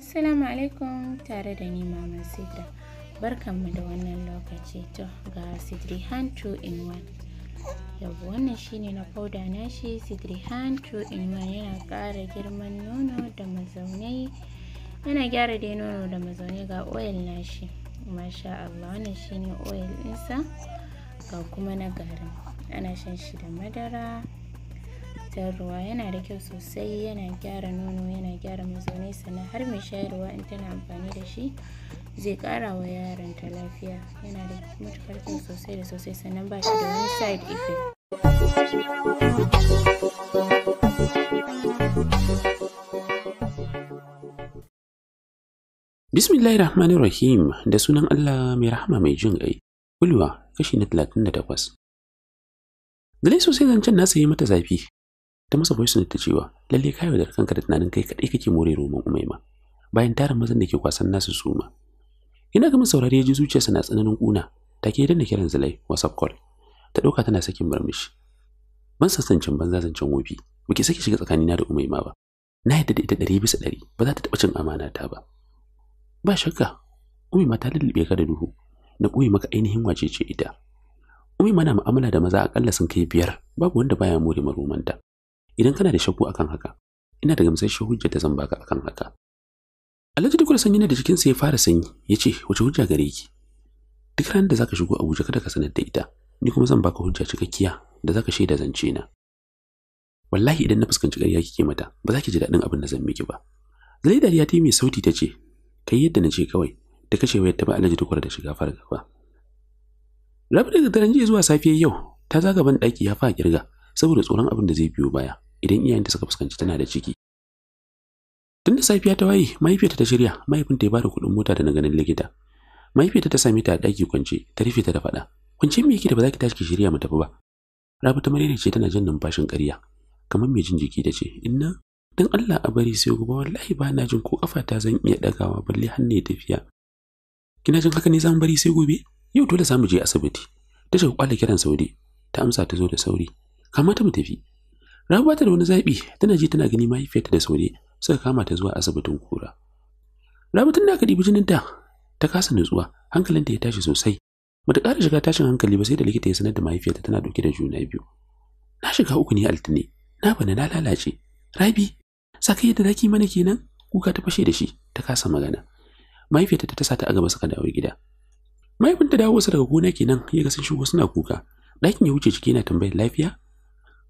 Assalamu alaikum tare da ni Maman Sidra. Barkanmu da wannan lokaci to ga Sidrihan 2 in 1. Yau wannan shine na fauda shi Sidrihan 2 in 1 yana ƙara girman nono da mazaunai. Yana gyara dai nono da mazaunai ga oil nashi. Masha Allah wannan shine oil ɗinsa ga kuma na garin. Ana shan shi da madara. fitar ruwa yana da kyau sosai yana gyara nono yana gyara mazaunai sannan har mai shayarwa in tana amfani da shi zai kara wa yaranta lafiya yana da matuƙar kyau sosai da sosai sannan ba shi da wani side effect Bismillahir Rahmanir Rahim da sunan Allah mai rahama mai jin ƙai. Kulwa kashi na 38. Dalai sosai zancen nasa yi mata zafi, ta masa voice note ta cewa lalle ka yaudar kanka da tunanin kai kadai kake more roman umaima bayan tarin mazan da ke kwasan nasu suma ina ga saurari ya ji zuciyarsa na tsananin kuna take da danna kiran zulai whatsapp call ta ɗauka tana sakin murmushi ban sassancin banza zancen wofi muke saki sake shiga tsakanina da umaima ba na yadda da ita ɗari bisa ɗari ba za ta taɓa cin amana ta ba ba shakka umaima ta lullube ka da duhu na ɓoye maka ainihin ce ita umaima na ma'amala da maza akalla sun kai biyar babu wanda baya more maromanta idan kana da shakku akan haka ina da gamsasshen hujja da zan baka akan haka Alhaji duk sanyi ne da sa ya fara sanyi ya ce wace hujja gare ki duk ranar da zaka shigo Abuja kada ka sanar da ita ni kuma zan baka hujja cikakkiya da zaka shaida zance na wallahi idan na fuskanci ƙarya kike mata ba za ki ji daɗin abin da zan miki ba zai dariya ta mai sauti ta ce kai yadda na ce kawai ta kashe wayar ta ba Alhaji dukwar da shiga farga ba rabu daga daren jiya zuwa safiyar yau ta zaga ban ɗaki ya fa kirga saboda tsoron abin da zai biyo baya idan iyayenta suka fuskanci tana da ciki. Tun da safiya ta waye, mahaifiyarta ta shirya, mahaifinta ya bada kuɗin mota da na ganin likita. Mahaifiyarta ta same ta a ɗaki kwance, ta rufe ta da faɗa. Kwance me yake da ba za ki tashi ki shirya mu tafi ba? Rabi ta marere ce tana jan numfashin ƙarya, kamar mai jin jiki ta ce, "Inna, dan Allah a bari sai gobe wallahi ba na jin ko ƙafa ta zan iya ɗagawa balle hannu tafiya." Kina jin haka ne za mu bari sai gobe? Yau dole za mu je asibiti. Ta shiga kwala kiran Saudi, ta amsa ta zo da sauri. Kamata mu tafi, Rabu ta da wani zaɓi, tana ji tana gani mahaifiyarta da saurayi suka kama ta zuwa asibitin kura. Rabu tun da aka ɗibi jininta ta kasa nutsuwa, hankalinta ya tashi sosai. Mata ƙara shiga tashin hankali ba sai da likita ya sanar da mahaifiyarta tana ɗauke da juna biyu. Na shiga uku ne altine, na bana na lalace. Rabi, saka yadda zaki mana kenan? Kuka ta fashe da shi, ta kasa magana. Mahaifiyarta ta sa ta a gaba suka dawo gida. Mahaifinta dawo wasu daga gona kenan ya ga sun shigo suna kuka. Ɗakin ya wuce ciki yana tambayar lafiya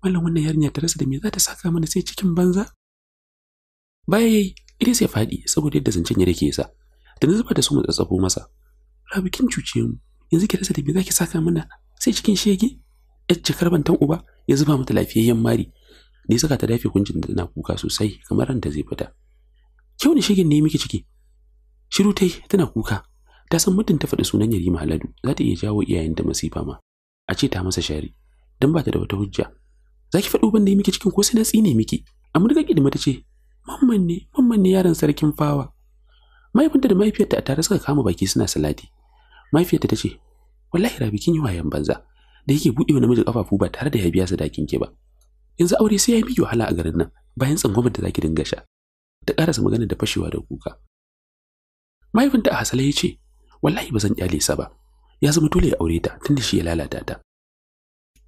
wannan wannan yarinya ta rasa da me za ta saka mana sai cikin banza baya yayi Idris sai faɗi saboda yadda zancen ya rike sa da zuba da su mu tsatsafo masa rabi kin cuce mu yanzu ki rasa da me za ki saka mana sai cikin shege yar cikar bantan uba ya zuba mata lafiyayyen mari da ya saka ta dafe kuncin da tana kuka sosai kamar ranta zai fita kyau ne shegen ne miki ciki shiru tai tana kuka ta san muddin ta faɗi sunan yarima haladu za ta iya jawo iyayen iyayenta masifa ma a ce ta masa shari don ba ta da wata hujja za ki faɗo ban da miki cikin ko sai na tsine miki ki kidima ta ce mamman ne mamman ne yaron sarkin fawa mahaifinta da mahaifiyarta a tare suka kama baki suna salati mahaifiyarta ta ce wallahi rabi kin yi wayan banza da yake buɗe wa namiji kafafu ba tare da ya biya sadakin ke ba yanzu aure sai ya miki wahala a garin nan bayan tsangwamar da za ki dinga sha ta karasa magana da fashewa da kuka mahaifinta a hasale ya ce wallahi ba zan kyale sa ba ya zama dole ya aure ta tun da shi ya lalata ta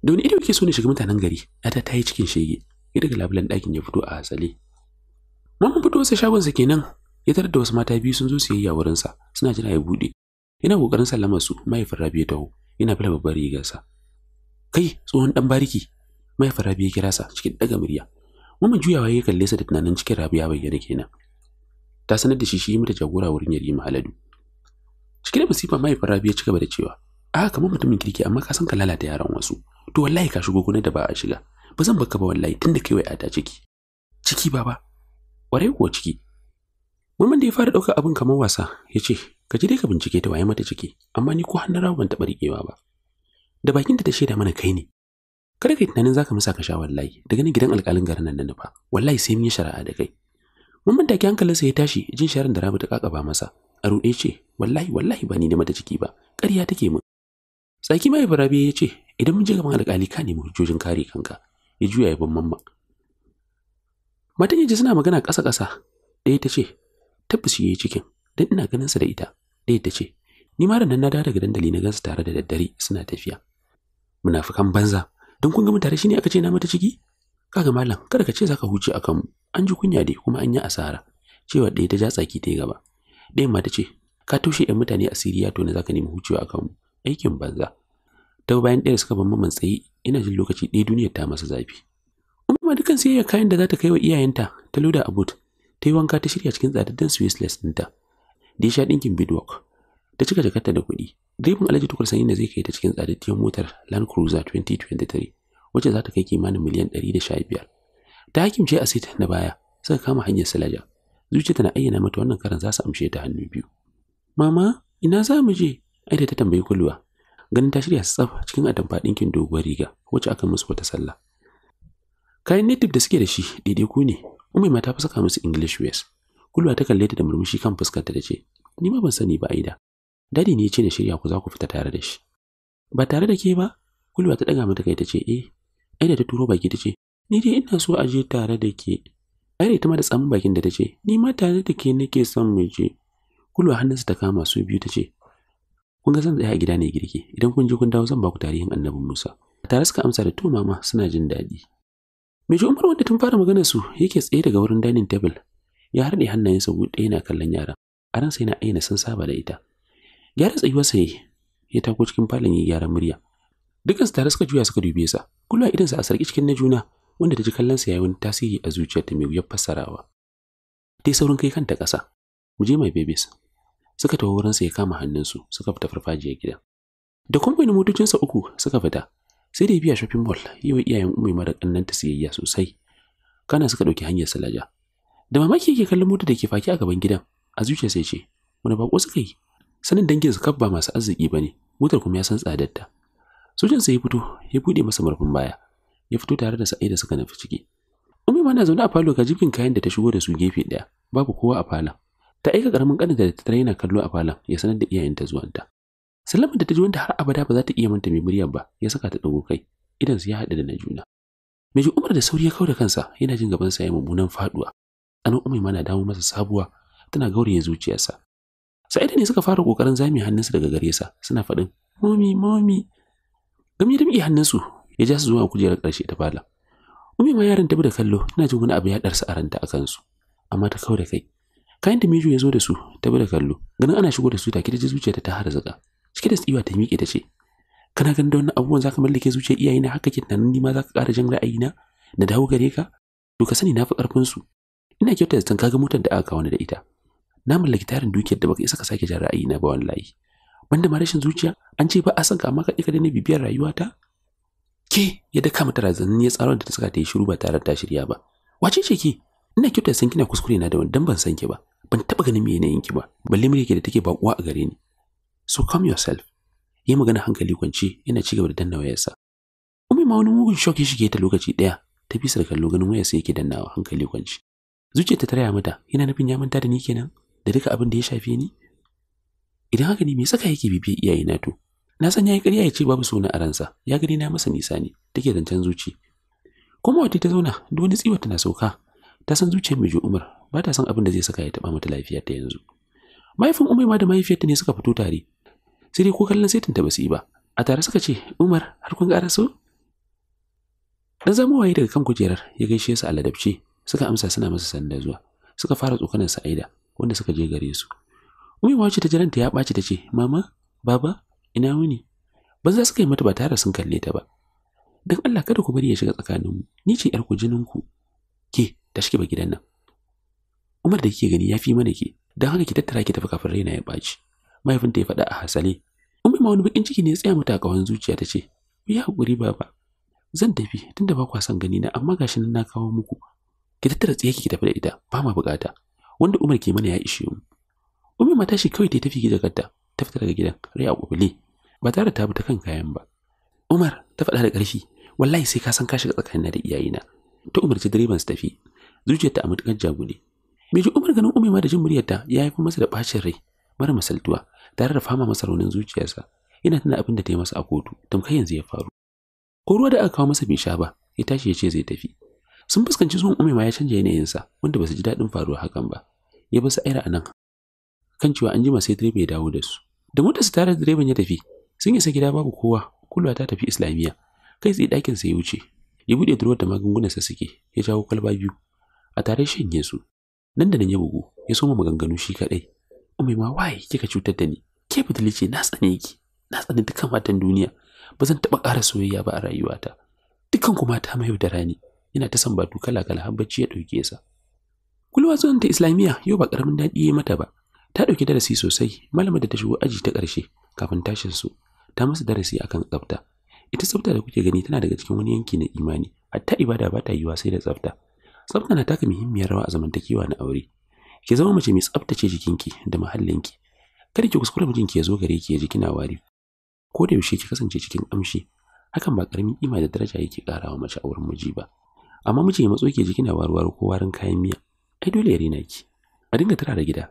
da wani ido kike so ne shiga mutanen gari yata ta yi cikin shege ya daga labulan ɗakin ya fito a hatsale maman fito sa shagonsa kenan ya tarar da wasu mata biyu sun zo su yayya wurinsa suna jira ya buɗe yana kokarin sallama su mahaifin rabi ya taho yana fila babbar rigarsa kai tsohon ɗan bariki mahaifin rabi ya kira sa cikin ɗaga murya mamman juyawa ya kalle sa da tunanin cikin rabi ya bayyana kenan ta sanar da shi shi mata jagora wurin yarima aladu cikin da masifa mahaifin rabi ya ci gaba da cewa a kamar mutumin kirki amma ka san ka lalata yaran wasu to wallahi ka shigo gonar da ba a shiga ba zan baka ba wallahi tunda kai wai a ta ciki ciki baba ware ko ciki Murman da ya fara ɗaukar abin kamar wasa ya ce, Ka ji dai ka bincike ta waye mata ciki, amma ni ko hannun rawa ban taɓa riƙewa ba. Da bakinta ta shaida mana kai ne. Kada ka tunanin zaka ka musa ka sha wallahi, daga nan gidan alƙalin garin nan na fa, wallahi sai mun yi shari'a da kai. Murman hankalin hankalinsa ya tashi jin sharan da Rabi ta kakaba masa, a ruɗe ce, Wallahi wallahi ba ni da mata ciki ba, ƙarya take min. Tsaki mai Rabi ya ce, idan mun je gaban alƙali ka nemi hujjojin kare kanka ya juya ya ban mamma matan yaji suna magana ƙasa ƙasa ɗaya ta ce tabbas yi yayi cikin dan ina ganin sa da ita ɗaya ta ce ni ma nan na dawo daga dandali na gansu tare da daddare suna tafiya munafukan banza don kun ga mutare shine aka ce na mata ciki kaga malam kada ka ce zaka huce akan mu an ji kunya dai kuma an yi asara cewa ɗaya ta ja tsaki ta gaba ɗayan ma ta ce ka taushe ɗan mutane asiri ya tona zaka nemi hucewa akan mu aikin banza ta bayan ɗaya suka bamma man tsaye ina jin lokaci ɗaya duniyar ta masa zafi umma dukan siyayyar kayan da za ta kai wa iyayenta ta loda a ta yi wanka ta shirya cikin tsadaddan swissless ɗinta da ya sha ɗinkin bidwalk ta cika jakarta da kuɗi direban alaji tukur sanyi da zai kai ta cikin tsadaddiyar motar land cruiser 2023 wacce za ta kai kimanin miliyan ɗari da sha biyar? ta hakimce a sit na baya suka kama hanyar salaja zuciya tana ayyana mata wannan karan za su amshe ta hannu biyu mama ina za mu je aida ta tambayi kulwa ganin ta shirya tsaf cikin atamfa ɗinkin doguwar riga wacce aka musu wata sallah kayan native da suke da shi daidai ku ne umai ma ta fi saka musu english wears kulwa ta kalle ta da murmushi kan fuskar ta ce ni ma ban sani ba aida dadi ne ya ce na shirya ku za ku fita tare da shi ba tare da ke ba kulwa ta daga mata kai ta ce eh aida ta turo baki ta ce ni dai ina so a je tare da ke aida ta ma da tsamin bakin da ta ce ni ma tare da ke nake son mu je kulwa hannunsa ta kama su biyu ta ce kun ga zan tsaya a gida ne girki idan kun je kun dawo zan ba ku tarihin annabin Musa tare suka amsa da to mama suna jin daɗi ji Umar wanda tun fara magana su yake tsaye daga wurin dining table ya harɗe hannayensa buɗe yana kallon yaran a ransa yana aina sun saba da ita gyara tsayuwarsa yayi ya tako cikin falon ya gyara murya dukansu tare suka juya suka dube sa kullu idansa a sarki cikin na juna wanda ta ji kallonsa yi wani tasiri a zuciyarta mai wuyar fassarawa yi saurin kai kanta ƙasa mu je mai babies suka tafi wurinsa ya kama hannunsu suka fita farfajiyar gida da motocin motocinsa uku suka fita sai da ya biya shopping mall yi wa iyayen umai mara ƙannanta siyayya sosai kana suka ɗauki hanyar salaja da mamaki yake kallon motar da ke faki a gaban gidan a zuciya sai ce wani bako suka yi sanin dangin su ba masu arziki ba ne motar kuma ya san tsadarta sojansa ya fito ya buɗe masa murfin baya ya fito tare da da suka nufi ciki Ummi ma na zaune a falo ga jibin kayan da ta shigo da su gefe ɗaya, babu kowa a falon. ta aika karamin kaninta da ta yana kallo a falon ya sanar da iyayenta zuwanta sallama da ta ji wanda har abada ba za ta iya manta mai murya ba ya saka ta dago kai idan su ya haɗu da na juna Meji Umar da sauri ya da kansa yana jin gaban sa ya mummunan faduwa anan umai mana dawo masa sabuwa tana gauraye zuciyarsa Sa'ida ne suka fara kokarin zame hannunsu daga gare sa suna faɗin momi momi gami da miƙe hannunsu ya ja su zuwa kujerar ƙarshe ta falon. Ummi ma yaron tabi da kallo tana jin wani abu ya darsa a ranta a kansu amma ta kai kayan da Miju ya zo da su ta bada kallo ganin ana shigo da su take ta ji zuciyarta ta zaka cike da tsiwa ta miƙe ta ce kana ganin da wannan abubuwan zaka mallake zuciyar iyaye na haka ke tunanin ni ma zaka kara jin ra'ayina na dawo gare ka to ka sani na fi ƙarfin su ina kyauta da kaga motar da aka kawo ni da ita na mallaki tarin dukiyar da baka isa ka sake jin na ba wallahi banda ma rashin zuciya an ce ba a san ka amma ka ƙi ni bibiyar rayuwata ke yadda kama tara zanen ya tsaron da ta saka ta yi shiru ba tare da ta shirya ba wace ce ke ina kyauta san kina kuskure na da wani dan ban san ki ba ban taba ganin me yanayin ki ba balle mure ke da take bakuwa a gare ni so calm yourself yi magana hankali kwance yana cigaba da danna wayarsa ummi ma wani mugun shock ya shige ta lokaci daya ta bisa da kallo ganin wayarsa yake dannawa hankali kwance zuciyarta ta raya mata yana nufin ya manta da ni kenan da duka abin da ya shafe ni idan haka ne me saka yake bibiyar iyayena to na san yayi ƙarya ya ce babu suna a ransa ya gani na masa nisa ne take zancen zuci kuma wata ta zauna duk wani tsiwa tana sauka ta san zuciyar miji, Umar ba ta san abin da zai saka ya taɓa mata lafiyar ta yanzu. Mahaifin Umar ma da mahaifiyarta ne suka fito tare. Sai dai ko kallon saitin ta basu yi ba. A tare suka ce, "Umar, har kun ƙara so?" Dan zama waye daga kan kujerar ya gaishe su a ladabce, suka amsa suna masa sanda zuwa. Suka fara tsokanar Sa'ida, wanda suka je gare su. Umma wacce ta jiranta ya ɓaci ta ce, "Mama, baba, ina wuni?" Ba za su kai mata ba tare sun kalle ta ba. Dan Allah kada ku bari ya shiga tsakaninmu. Ni ce 'yar ku ku. Ke, Ta shiga ba gidan nan Umar da kike gani ya fi mana ke dan haka ki tattara ki tafi kafin raina ya baci mahaifinta ya faɗa a hasale Ummi ma wani bakin ciki ne ya tsaya mata a kawan zuciya ta ce yi hakuri baba zan tafi tunda ba kwa son gani na amma gashi nan na kawo muku ki tattara tsaye ki tafi da ita ba ma bukata wanda Umar ke mana ya ishe mu Ummi ma tashi kawai ta tafi gidan ta fita daga gidan rai a kubule ba tare ta bi ta kan kayan ba Umar ta faɗa da ƙarfi wallahi sai ka san ka shiga tsakanin da iyayena ta umarci direban su tafi zuciyarta a matukar ne mai ji umar ganin umaima da jin muryarta ya haifi masa da bacin rai mara misaltuwa tare da fama masa raunin zuciyarsa yana tana abin da ta yi masa a kotu tamkar yanzu ya faru ko ruwa da aka kawo masa bai sha ba ya tashi ya ce zai tafi sun fuskanci zuwan umaima ya canja yanayinsa wanda ba su ji daɗin faruwa hakan ba ya basu aira a nan kan cewa an jima sai direba ya dawo da su da motar su tare da direban ya tafi sun isa gida babu kowa kulwa ta tafi islamiyya kai tsaye ɗakin sa ya wuce ya buɗe durowar da magungunan sa suke ya jawo kwalba biyu a tare shanye su nan da nan ya bugu ya soma maganganu shi kadai umai ma wai kika cutar da ni ke ce na tsane ki na tsane dukkan matan duniya ba zan taba ƙara soyayya ba a rayuwata dukkan kuma ta mai da rani ina ta san batu kala kala har bacci ya dauke sa kulwa zuwan ta islamiyya yau ba karamin dadi ya mata ba ta dauki darasi sosai malamar da ta shigo aji ta karshe kafin tashin su ta masa darasi akan tsafta ita tsafta da kuke gani tana daga cikin wani yanki na imani hatta ibada ba ta yiwa sai da tsafta Tsafta na taka muhimmiyar rawa a zamantakewa na aure. Ki zama mace mai tsaftace jikinki da muhallinki. Kada ki kuskure mijinki ya zo gare ki ya ji kina wari. Ko da yaushe ki kasance cikin amshi. Hakan ba karamin kima da daraja yake karawa mace a wurin miji ba. Amma miji ya matso ki ji kina warwar ko warin kayan miya. Ai dole ya rina ki. A dinga tara da gida.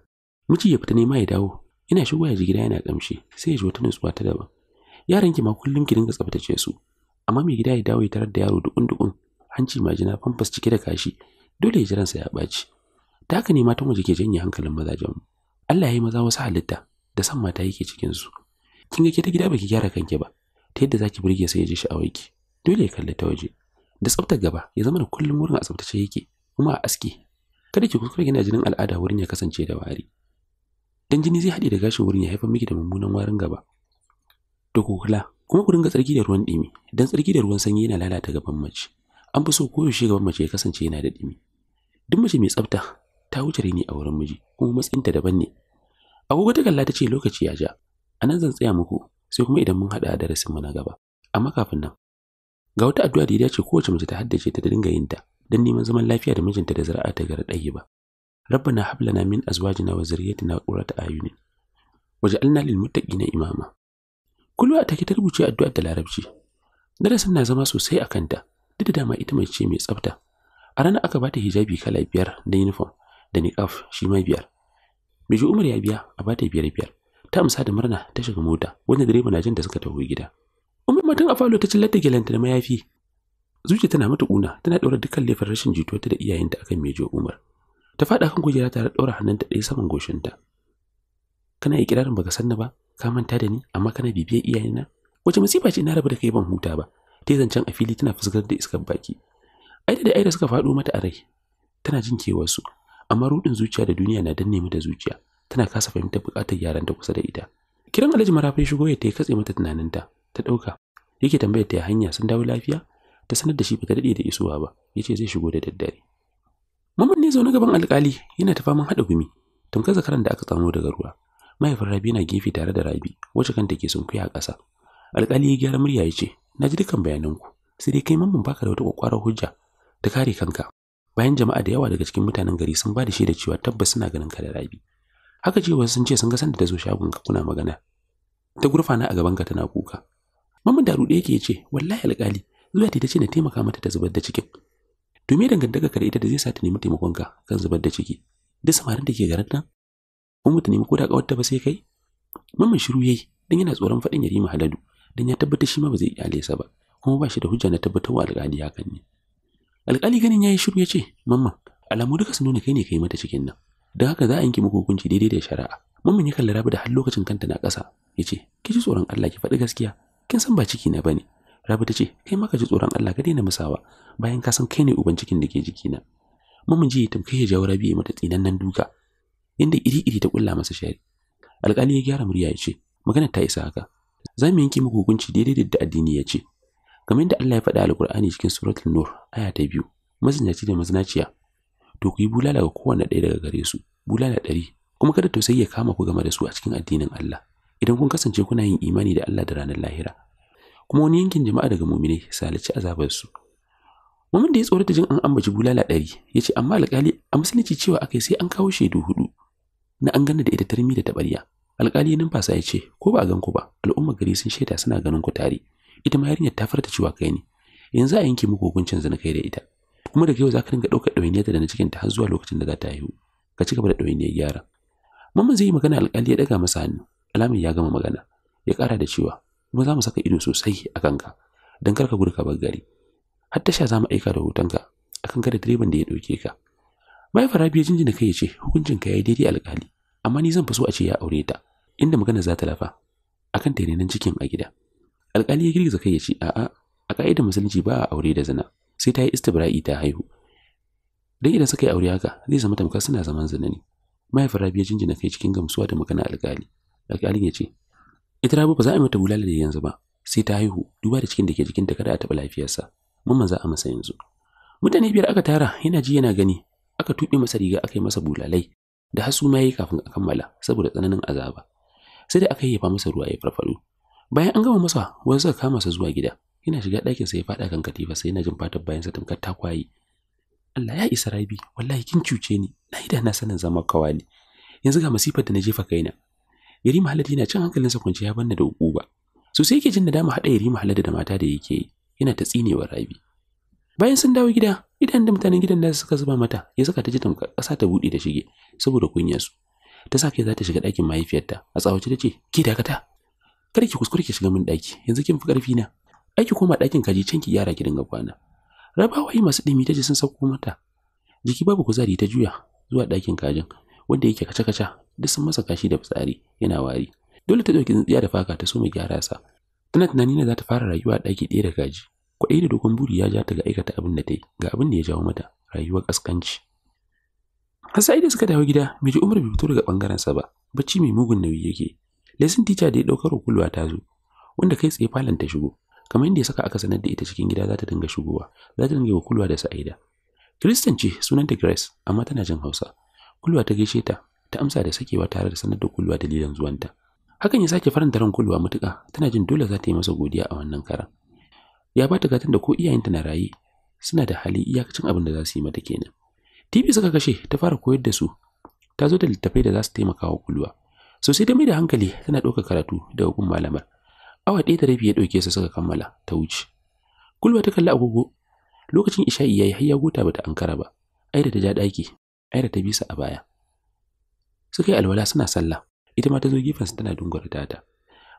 Miji ya fita nema ya dawo. Ina shigo ya ji gida yana kamshi sai ya ji wata nutsuwa ta daban. Yaran ki ma kullum ki dinga tsaftace su. Amma mai gida ya dawo ya tarar da yaro dukun-dukun hanci jina famfas cike da kashi dole ya ji ransa ya baci ta haka ne matan waje ke janye hankalin mazajen mu Allah ya yi maza wasu halitta da san mata yake cikin su kin ga ke ta gida baki gyara kanki ba ta yadda zaki burge sai ya ji waki, dole ya kalli ta waje da tsaftar gaba ya zama da kullum wurin a tsaftace yake kuma a aski kada ki kuskure gina jinin al'ada wurin ya kasance da wari dan jini zai haɗe da gashin wurin ya haifar miki da mummunan warin gaba to kuma ku dinga tsarki da ruwan ɗimi dan tsarki da ruwan sanyi yana lalata gaban mace an fi so koyaushe gaban mace ya kasance yana da ɗimi duk mace mai tsafta ta wuce rini a wurin miji kuma matsinta daban ne agogo ta kalla ta ce lokaci ya ja a nan zan tsaya muku sai kuma idan mun haɗa darasin mu na gaba amma kafin nan ga wata addu'a da ya dace kowace mace ta haddace ta dinga yin ta don neman zaman lafiya da mijinta da zara'a ta gara ɗaya ba na habla na min azwajina wa zurriyyatina qurrata ayunin waj'alna lil muttaqina imama kullu a take ta rubuce addu'ar da larabci darasin na zama sosai a kanta duk da dama ita mai ce mai tsafta a ranar aka bata hijabi kala biyar da uniform da niqaf shi ma biyar biju umar ya biya a bata biyar biyar ta amsa da murna ta shiga mota wanda direba na jin da suka taho gida umar matan a falo ta cillata gelanta da mayafi zuciya tana mata kuna tana daura dukkan laifin rashin jituwa ta da iyayenta akan mejo umar ta faɗa kan kujera tare daura hannunta ɗaya saman goshinta kana ikirarin baka sanna ba ka manta da ni amma kana bibiyar iyayena wace masifa ce na raba da kai ban huta ba ta yi zancen a fili tana fuskar da iskar baki ai da aida suka faɗo mata a rai tana jin kewarsu amma rudin zuciya da duniya na danne mata zuciya tana kasa fahimtar buƙatar yaran ta kusa da ita kiran alhaji marafai shigo ya ta katse mata tunaninta ta ɗauka yake tambayar ta hanya sun dawo lafiya ta sanar da shi ba ta daɗe da isowa ba ya ce zai shigo da daddare Mamman ne zaune gaban alkali yana ta faman haɗa gumi tamkar zakaran da aka tsamo daga ruwa mahaifin rabi yana gefe tare da rabi wacce kanta ke sunkuya a ƙasa alkali ya gyara murya ya ce na ji dukan bayananku sai dai kai mamman baka da wata kwakwarar hujja ta kare kanka bayan jama'a da yawa daga cikin mutanen gari sun ba da shaida cewa tabbas suna ganin ka da rabi haka ce wasu sun ce sun ga sanda da zo shagon ka kuna magana ta gurfa na a gaban ka tana kuka mamman da rude yake ce wallahi alƙali zuwa ta ce na taimaka mata ta zubar da cikin to me dangantaka ka da ita da zai sa ta nemi taimakon ka kan zubar da ciki duk samarin da ke garin nan kuma ta nemi ko da kawar ta ba sai kai mamman shiru yayi dan yana tsoron faɗin yarima haladu Dan ya tabbatar shi ma ba zai kyale sa ba kuma ba shi da hujja na tabbatarwa alƙali hakan ne alƙali ganin yayi shiru ya ce mamman alamu duka sun nuna kai ne kai mata cikin nan dan haka za a yanke muku hukunci daidai da shari'a mamman ya kalli rabi da har lokacin kanta na ƙasa ya ce ki ji tsoron Allah ki faɗi gaskiya kin san ba ciki na bane rabi ta ce kai ma ka ji tsoron Allah ka daina musawa bayan ka san kai ne uban cikin da ke jikina mamman ji ya jawo rabi ya mata tsinannen duka inda iri-iri ta kulla masa shari alƙali ya gyara murya ya magana ta isa haka za mu yanke muku hukunci daidai da addini ya ce kamar yadda Allah ya faɗa alƙur'ani cikin suratul nur aya ta biyu mazinaci da mazinaciya to ku yi bulala ga kowanne ɗaya daga gare su bulala ɗari kuma kada tausayi ya kama ku game da su a cikin addinin Allah idan kun kasance kuna yin imani da Allah da ranar lahira kuma wani yankin jama'a daga muminai salici azabar su mumin da ya tsorata jin an ambaci bulala ɗari ya ce amma alƙali a musulunci cewa akai sai an kawo shaidu hudu na an gana da ita tarmi da taɓarya alƙali fasa ya ce ko ba a gan ku ba al'ummar gari sun shaida suna ganin ku tare ita ma yarinyar ta farta cewa kai ne yanzu a yanke muku hukuncin zina kai da ita kuma daga yau za ka dinga ɗaukar ɗawainiyarta da na ta har zuwa lokacin da za ta haihu ka ci gaba da ɗawainiyar gyara. mamman zai yi magana alƙali ya ɗaga masa hannu alamin ya gama magana ya ƙara da cewa kuma za mu saka ido sosai a kanka don karka gudu ka bar gari har tasha za mu aika da hotonka akan kada direban da ya ɗauke ka mahaifar rabi ya jinjina kai ya ce hukuncin ya yi daidai alƙali amma ni zan fi so a ce ya aure ta inda magana za ta lafa akan nan cikin a gida alƙali ya girgiza kai ya ce a'a a ka'idar musulunci ba a aure da zina sai ta yi istibra'i ta haihu dan idan suka yi aure haka zai zama tamkar suna zaman zina ne mahaifin rabi ya jinjina kai cikin gamsuwa da magana alƙali alƙali ya ce ita rabu ba za a yi mata bulala da yanzu ba sai ta haihu duba da cikin da ke jikinta kada a taɓa lafiyarsa mun maza a masa yanzu mutane biyar aka tara yana ji yana gani aka tuɓe masa riga aka yi masa bulalai da hasu ma yi kafin a kammala saboda tsananin azaba sai da aka yi masa ruwa ya farfado bayan an gama masa wani suka kama sa zuwa gida yana shiga ɗakin sa ya faɗa kan katifa sai yana jin fatar bayan sa tamkar ta kwaye Allah ya isa rabi wallahi kin cuce ni na yi da na sanin zama kawali yanzu ga masifar da na jefa kaina yari mahaladi yana cin hankalin sa ya banna da ba so sai yake jin nadama haɗa yari mahaladi da mata da yake yi yana ta tsinewar rabi bayan sun dawo gida idan da mutanen gidan da suka zuba mata ya saka ta ji ta ƙasa ta buɗe ta shige saboda kunyar su ta sa za ta shiga ɗakin mahaifiyarta a tsawace ta ce ki dakata kada ki kuskure ki shiga min ɗaki yanzu kin fi ƙarfi na aiki koma ɗakin kaji can ki gyara ki dinga kwana rabawa yi masu ɗimi ta ji sun sauko mata jiki babu kuzari ta juya zuwa ɗakin kajin wanda yake kaca-kaca duk sun masa kashi da fitsari yana wari dole ta ɗauki tsintsiya da faka ta so mu gyara sa tana tunani ne za ta fara rayuwa a ɗaki ɗaya da kaji Kwaɗayi da dogon buri ya ja ta ga aikata abin da ta yi ga abin da ya jawo mata rayuwar ƙasƙanci. Har sai da suka dawo gida, Miji Umar bai fito daga ɓangarensa ba, bacci mai mugun nauyi yake. Lesson teacher da ya ɗaukar kulwa ta zo, wanda kai tsaye falon ta shigo, kamar yadda ya saka aka sanar da ita cikin gida za ta dinga shigowa, za ta dinga wa kulwa da sa'ida. Kristen ce sunanta Grace, amma tana jin Hausa. Kulwa ta gaishe ta, ta amsa da sakewa tare da sanar da kulwa dalilan zuwanta. Hakan ya sake faranta ran kulwa matuka tana jin dole za ta yi masa godiya a wannan karan. ya ba ta gatan da ko iyayenta na raye suna da hali iyakacin abin da za su yi mata kenan tv suka kashe ta fara koyar da su ta zo da littafai da za su taimaka wa kulwa sosai da mai da hankali tana ɗaukar karatu daga gun malamar awa ɗaya da rabi ya ɗauke su suka kammala ta wuce kulwa ta kalli agogo lokacin isha'i yayi har ya gota bata ankara ba ai da ta ja daki da ta bisa a baya suka yi alwala suna sallah ita ma ta zo gefen tana dungura tata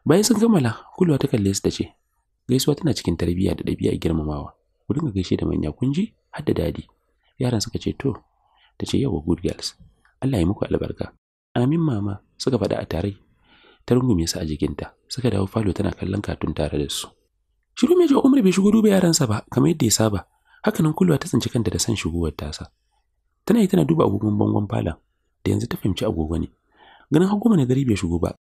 bayan sun kammala kulwa ta kalle su ta ce. gaisuwa tana cikin tarbiyya da ɗabi'a girmamawa ku dinga gaishe da manya kun ji har da dadi yaran suka ce to ta ce yawa good girls Allah ya muku albarka amin mama suka faɗa a tare ta rungume su a jikinta suka dawo falo tana kallon katun tare da su shiru mai jiwa umar bai shigo duba yaransa ba kamar yadda ya saba hakanan kulwa ta tsinci kanta da san shigowar tasa tana yi tana duba agogon bangon falon da yanzu ta fahimci agogo ne ganin har goma na bai shigo ba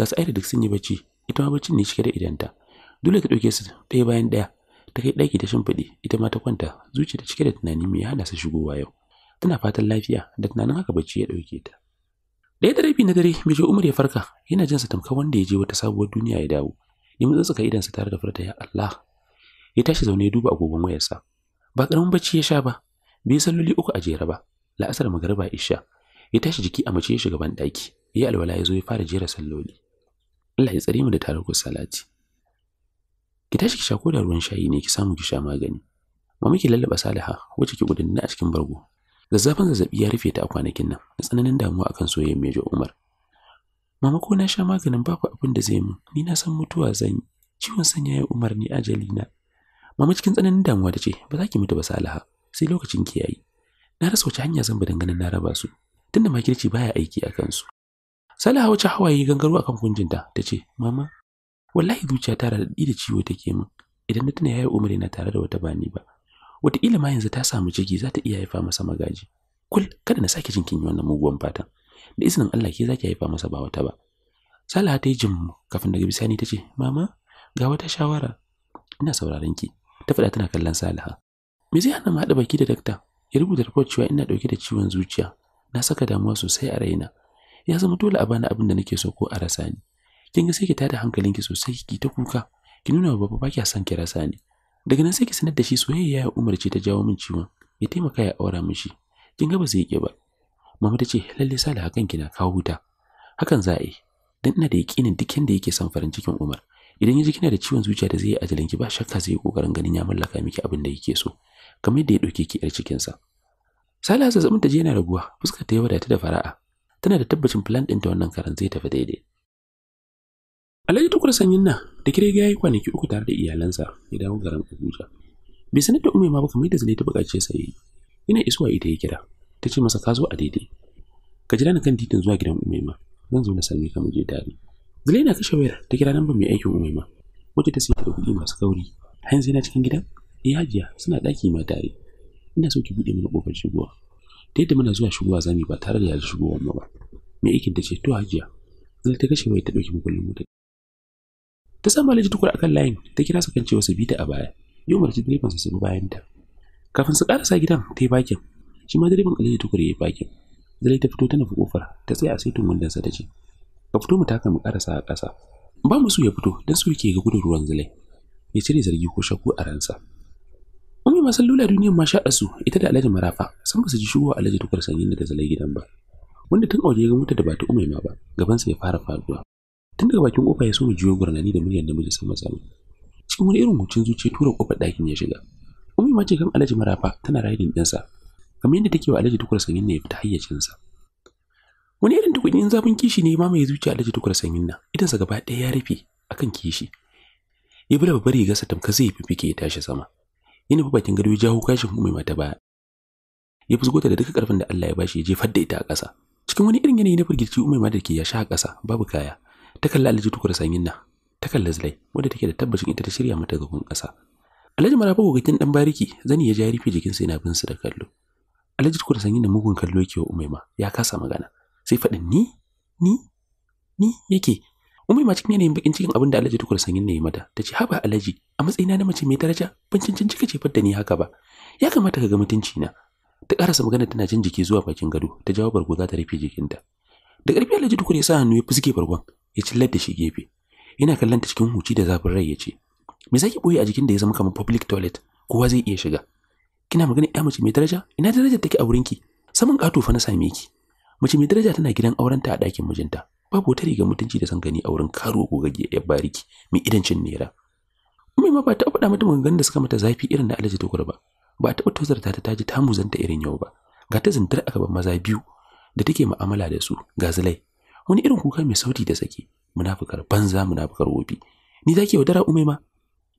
ga su aida duk sun yi bacci ita ma baccin ne cike da idanta dole ka ɗauke su ɗaya bayan ɗaya ta kai ɗaki ta shimfiɗe ita ma ta kwanta zuciya ta cike da tunani mai hana su shigowa yau tana fatan lafiya da tunanin haka bacci ya ɗauke ta ɗaya da rabi na dare je umar ya farka yana jinsa tamkar wanda ya je wata sabuwar duniya ya dawo ya mutsuka idansa tare da furta ya Allah ya tashi zaune ya duba agogon wayarsa ba karamin bacci ya sha ba bai salloli uku a jere ba la'asar magariba isha ya tashi jiki a mace ya shiga ban ɗaki ya alwala ya zo ya fara jera salloli Allah ya tsare mu da tarar salati ki tashi ki sha da ruwan shayi ne ki samu ki sha magani mama miki lallaba Salaha wacce ki gudunna a cikin bargo zazzafin zazzabi ya rufe ta a kwanakin nan da tsananin damuwa akan mai jo Umar mama ko na sha maganin ba abin da zai mun ni na san mutuwa zan ciwon sanya ya Umar ni ajali na mama cikin tsananin damuwa ta ce ba za ki mutu ba Salaha sai lokacin ki yayi na rasa wace hanya zan bi dangane na raba su tunda makirci baya aiki a kansu Salaha wacce hawaye gangaro akan kunjinta ta ce mama wallahi zuciya ta raɗaɗi da ciwo take min idan na tuna yayi umar na tare da wata bani ba wata ma yanzu ta samu ciki za ta iya haifa masa magaji kul kada na sake jin kinyi wannan muguwan fatan da izinin Allah ke zaki haifa masa ba wata ba Salaha ta yi jin kafin daga bisani ta ce mama ga wata shawara ina sauraron ki ta faɗa tana kallon Salaha me zai hana mu haɗa baki da dakta ya rubuta report cewa ina ɗauke da ciwon zuciya na saka damuwa sosai a raina ya zama dole a bani abin da nake so ko a rasa ni kin ga sai ki tada hankalinki sosai ki ta kuka ki nuna wa baba baki son ki rasa ni daga nan sai ki sanar da shi soyayya ya umarce ta jawo min ciwon ya taimaka ya aura mishi kin ga ba zai ki ba mama ta ce lalle sala hakan kina kawo huta hakan za a yi dan ina da yakinin duk yanda yake son farin cikin Umar idan ya ji kina da ciwon zuciya da zai yi ajalin ki ba shakka zai yi kokarin ganin ya mallaka miki abin da yake so kamar yadda ya dauke ki yar cikin sa Sala zazzabin ta je yana raguwa fuskar ta yi wadata da fara'a tana da tabbacin plan ɗinta wannan karan zai tafi daidai Alhaji tukur sanyin nan da kire ya yi kwanaki uku tare da iyalansa ya dawo garin Abuja. Bai sanar da Umai ma ba kamar yadda zai ta buƙace sa yi. Ina isuwa ita ya kira. Ta ce masa ka zo a daidai. Ka jira ni kan titin zuwa gidan Umai ma. Zan zo na sami ka muje je tare. Zulai na kashe wayar ta kira lambar mai aikin Umai ma. Wacce ta sai da kuɗi masu kauri. Har yanzu yana cikin gidan? Eh Hajiya suna ɗaki ma tare. Ina so ki buɗe mana ƙofar shigowa. Ta yadda muna zuwa shigowa zamu ba tare da ya shigowar mu ba. Mai aikin ta ce to Hajiya zai ta kashe wayar ta ɗauki mukullin ta samu alaji tukur akan layin ta kira su kan cewa su bita a baya yau umarci direban su bi bayan ta kafin su karasa gidan ta yi bakin shi ma direban alaji tukur ya yi bakin zalai ta fito tana kofar ta tsaya a saitin wandonsa ta ce ka fito mu taka mu karasa a ƙasa ba mu su ya fito don su yake ga gudun ruwan zalai ya cire zargi ko shakku a ransa umi ma duniyar ma shaɗa su ita da alaji Marafa sun ba su ji shigo alaji Tukur sanyin da zalai gidan ba wanda tun aure ga mutu da ba ta umai ma ba gabansa ya fara faduwa tun daga bakin kofa ya so mu jiyo gurnani da muryar namiji san sama cikin wani irin hucin zuciya tura kofar ɗakin ya shiga ummi ma ce kan alhaji marafa tana raidin ɗinsa kamar yadda take wa alhaji tukur sanyin na ya fita hayyacinsa wani irin tukunin zafin kishi ne ma mai zuciya alhaji tukur sanyin na idansa gaba ɗaya ya rufe akan kishi ya bi da babbar sa tamka zai fifike ya tashi sama ya nufi bakin gado ya jawo kashin ummi ma ta baya ya fusgo ta da duka karfin da Allah ya bashi ya jefar da ita a ƙasa cikin wani irin yanayi na firgici ummi ma da ke ya sha ƙasa babu kaya ta kalli alhaji tukur sanyin na ta kalli zlai wanda take da tabbacin ita ta shirya mata gaban ƙasa alhaji marafa gogakin dan bariki zani ya ja rufe jikinsa yana bin su da kallo alhaji tukur sanyin nan mugun kallo yake wa umaima ya kasa magana sai faɗin ni ni ni yake umaima cikin yanayin bakin cikin abin da alhaji tukur sanyin ya mata ta ce haba alhaji a matsayina na mace mai daraja ban cancin cika ce da ni haka ba ya kamata ka ga mutunci na ta karasa magana tana jin jiki zuwa bakin gado ta jawo bargo za ta rufe jikinta da ƙarfi alhaji tukur ya sa hannu ya fuske bargon ya cillar da shi gefe yana kallon ta cikin huci da zafin rai ya ce me zaki boye a jikin da ya zama kamar public toilet kowa zai iya shiga kina magana ya mace mai daraja ina daraja take a ki. saman kato fa na same ki mace mai daraja tana gidan aurenta a ɗakin mijinta babu wata riga mutunci da san gani a wurin karo ko gage ya bariki mai idancin nera Ummi ma ba ta faɗa mata maganganun da suka mata zafi irin da alaji ta ba ba ta taɓa tozarta ta taji ta muzanta irin yau ba ga ta zintar a gaban maza biyu da take mu'amala da su ga zulai wani irin kuka mai sauti da saki munafukar banza munafukar wofi ni zaki yaudara umaima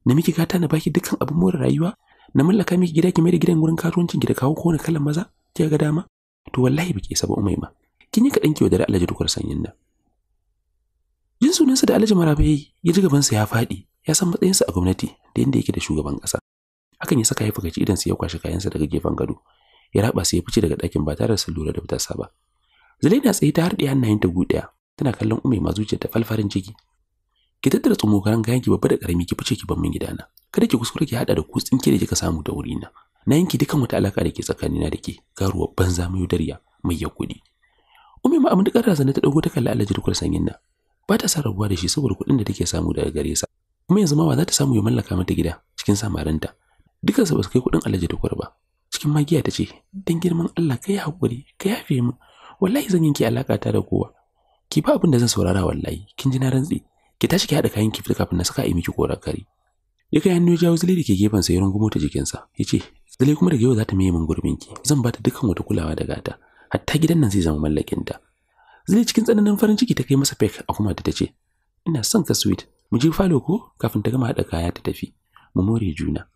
na miki gata na baki dukkan abin more rayuwa na mallaka miki gida ki mai da gidan wurin kasuwancin ki da kawo kowane kalan maza Ki ga dama to wallahi biki saba ba ma kin yi kaɗan ki yaudara alhaji dukar sanyin nan jin sunansa da alhaji marafa ya ji sa ya faɗi ya san matsayinsa a gwamnati da yadda yake da shugaban kasa hakan ya saka ya fukaci idan sa ya kwashi kayansa daga gefen gado ya raba sai ya fice daga ɗakin ba tare da sun lura da fitarsa ba Zulaina tsaye ta harɗe hannayen ta ɗaya tana kallon Umai ma zuciya ta falfarin ciki. Ki tattara tsumo garan kayan ki babba da karami ki fice ki bar min gidana. Kada ki kuskure ki hada da kutsin ki da kika samu da wuri na. Na yanki dukan wata alaka da ke tsakanina da ke, garuwa banza mai dariya mai yakudi. Ummi ma amin dukkan razana ta dago ta kalli Alhaji Dukur sanyin nan. Ba ta san rabuwa da shi saboda kuɗin da take samu daga gare sa. Kuma yanzu ma ba za ta samu ya mallaka mata gida cikin samarinta. Dukansa ba su kai kuɗin Alhaji Dukur ba. Cikin magiya ta ce, "Dan girman Allah kai haƙuri, ka yafe mu, wallahi zan yanke alaka ta da kowa ki ba abin da zan saurara wallahi kin ji na rantsi ki tashi ki hada kayan ki fita kafin na saka yi miki korar kare ya kai hannu jawo zile da ke gefen sa ya rungumo ta jikinsa ya ce zile kuma daga yau za ta miye min gurbin ki zan ba ta dukkan wata kulawa da gata hatta gidan nan zai zama mallakin ta zile cikin tsananin farin ciki ta kai masa fake a kuma ta ce ina son ka sweet mu je falo ko kafin ta gama hada kaya ta tafi mu more juna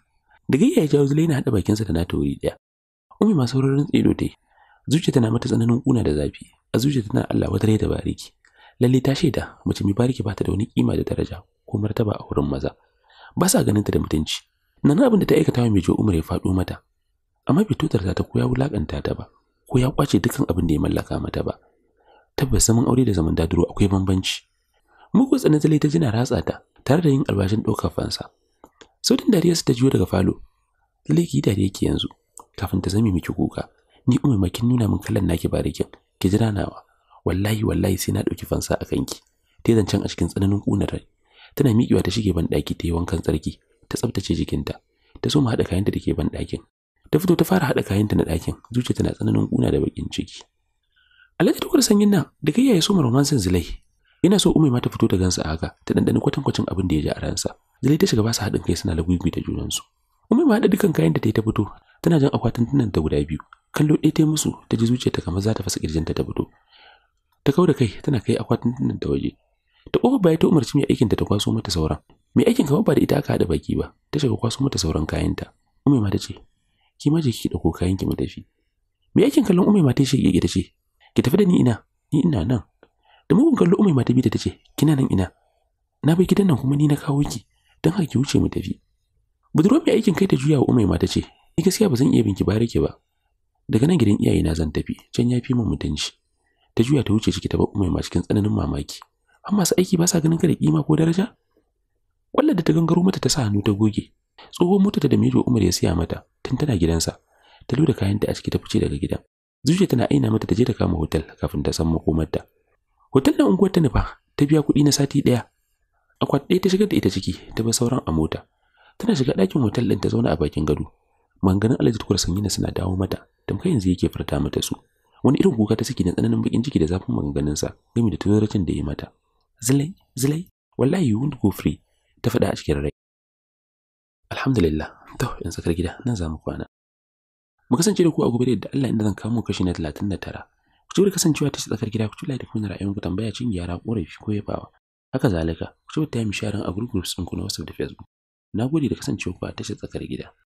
daga iya jawo zile na hada bakin sa da nata wuri daya umi masu saurin dai zuciya tana mata tsananin kuna da zafi a zuciya tana Allah wata rai da bariki lalle ta shaida mace mai bariki ba ta da wani kima da daraja ko martaba a wurin maza ba sa ganin ta da mutunci nan abin da ta aikata mai jo Umar ya faɗo mata amma bai tutar ta ko ya wulakanta ta ba ko ya kwace dukkan abin da ya mallaka mata ba tabbas zaman aure da zaman daduro akwai bambanci muku tsanin zalai ta jina ratsa ta tare da yin albashin ɗaukar fansa sautin dariya su ta jiyo daga falo lalle ki dariya ki yanzu kafin ta zame miki kuka ni umma makin nuna min kallon naki barikin, ki jira nawa wallahi wallahi sai na dauki fansa a kanki ta zancen a cikin tsananin kunar tana miƙewa ta shige ban daki ta yi wankan tsarki ta tsaftace jikinta ta so mu haɗa kayanta da ke ban dakin ta fito ta fara haɗa kayanta na dakin zuciya tana tsananin kuna da bakin ciki Alhaji tukur sanyin nan da kai yayi so mu romansin Zulai ina so umai ma ta fito ta gansa a haka ta dandani kwatankwacin abin da ya ji a ransa Zulai ta shiga ba su haɗin kai suna lagwigwi da junansu umai ma haɗa dukan kayan da ta yi fito tana jan akwatin tunan ta guda biyu kallo ɗaya ta musu ta ji zuciyarta kamar za ta fasa ƙirjinta ta fito ta kau da kai tana kai akwatin nan da waje ta kofar baya ta umarci mai aikinta ta kwaso mata sauran mai aikin kamar ba da ita aka haɗa baki ba ta shiga kwaso mata sauran kayanta ume ma ta ce ki ma je ki ɗauko kayan ki mu tafi mai aikin kallon umai ma ta yi ki ta ce ki tafi da ni ina ni ina nan da mugun kallo umai ma ta bi ta ce kina nan ina na bai gidan nan kuma ni na kawo ki don haka ki wuce mu tafi budurwa mai aikin kai ta juya wa umai ma ta ce ni gaskiya ba zan iya ki bare ke ba daga nan gidan iyayena zan tafi can yafi min mutunci ta juya ta wuce ciki ta bar ma cikin tsananin mamaki har masu aiki ba sa ganin ka da kima ko daraja kwallar da ta gangaro mata ta sa hannu ta goge tsohon mota ta da mejo umar ya siya mata tun tana gidansa ta kayan kayanta a ciki ta fice daga gidan zuciya tana aina mata ta je ta kama hotel kafin ta san makomar ta hotel na unguwar ta nufa ta biya kuɗi na sati ɗaya akwat ɗaya ta shigar da ita ciki ta bar sauran a mota tana shiga ɗakin hotel ɗin ta zauna a bakin gado maganganun alhaji tukur sanyina suna dawo mata tamkar yanzu yake furta mata su wani irin kuka ta saki na tsananin bakin ciki da zafin maganganunsa game da tozarcin da ya mata zilai zilai wallahi you won't go free ta faɗa a cikin rai alhamdulillah to yan tsakar gida nan za mu kwana mu kasance da ku a gobe da yadda Allah inda zan kawo kashi na 39 ku ci kasancewa ta tsakar gida ku ci da kuma ra'ayin ku tambaya cin gyara korafi ko yabawa haka zalika ku ci ta mi sharing a group groups ɗinku na WhatsApp da Facebook na gode da kasancewa ku a tashar tsakar gida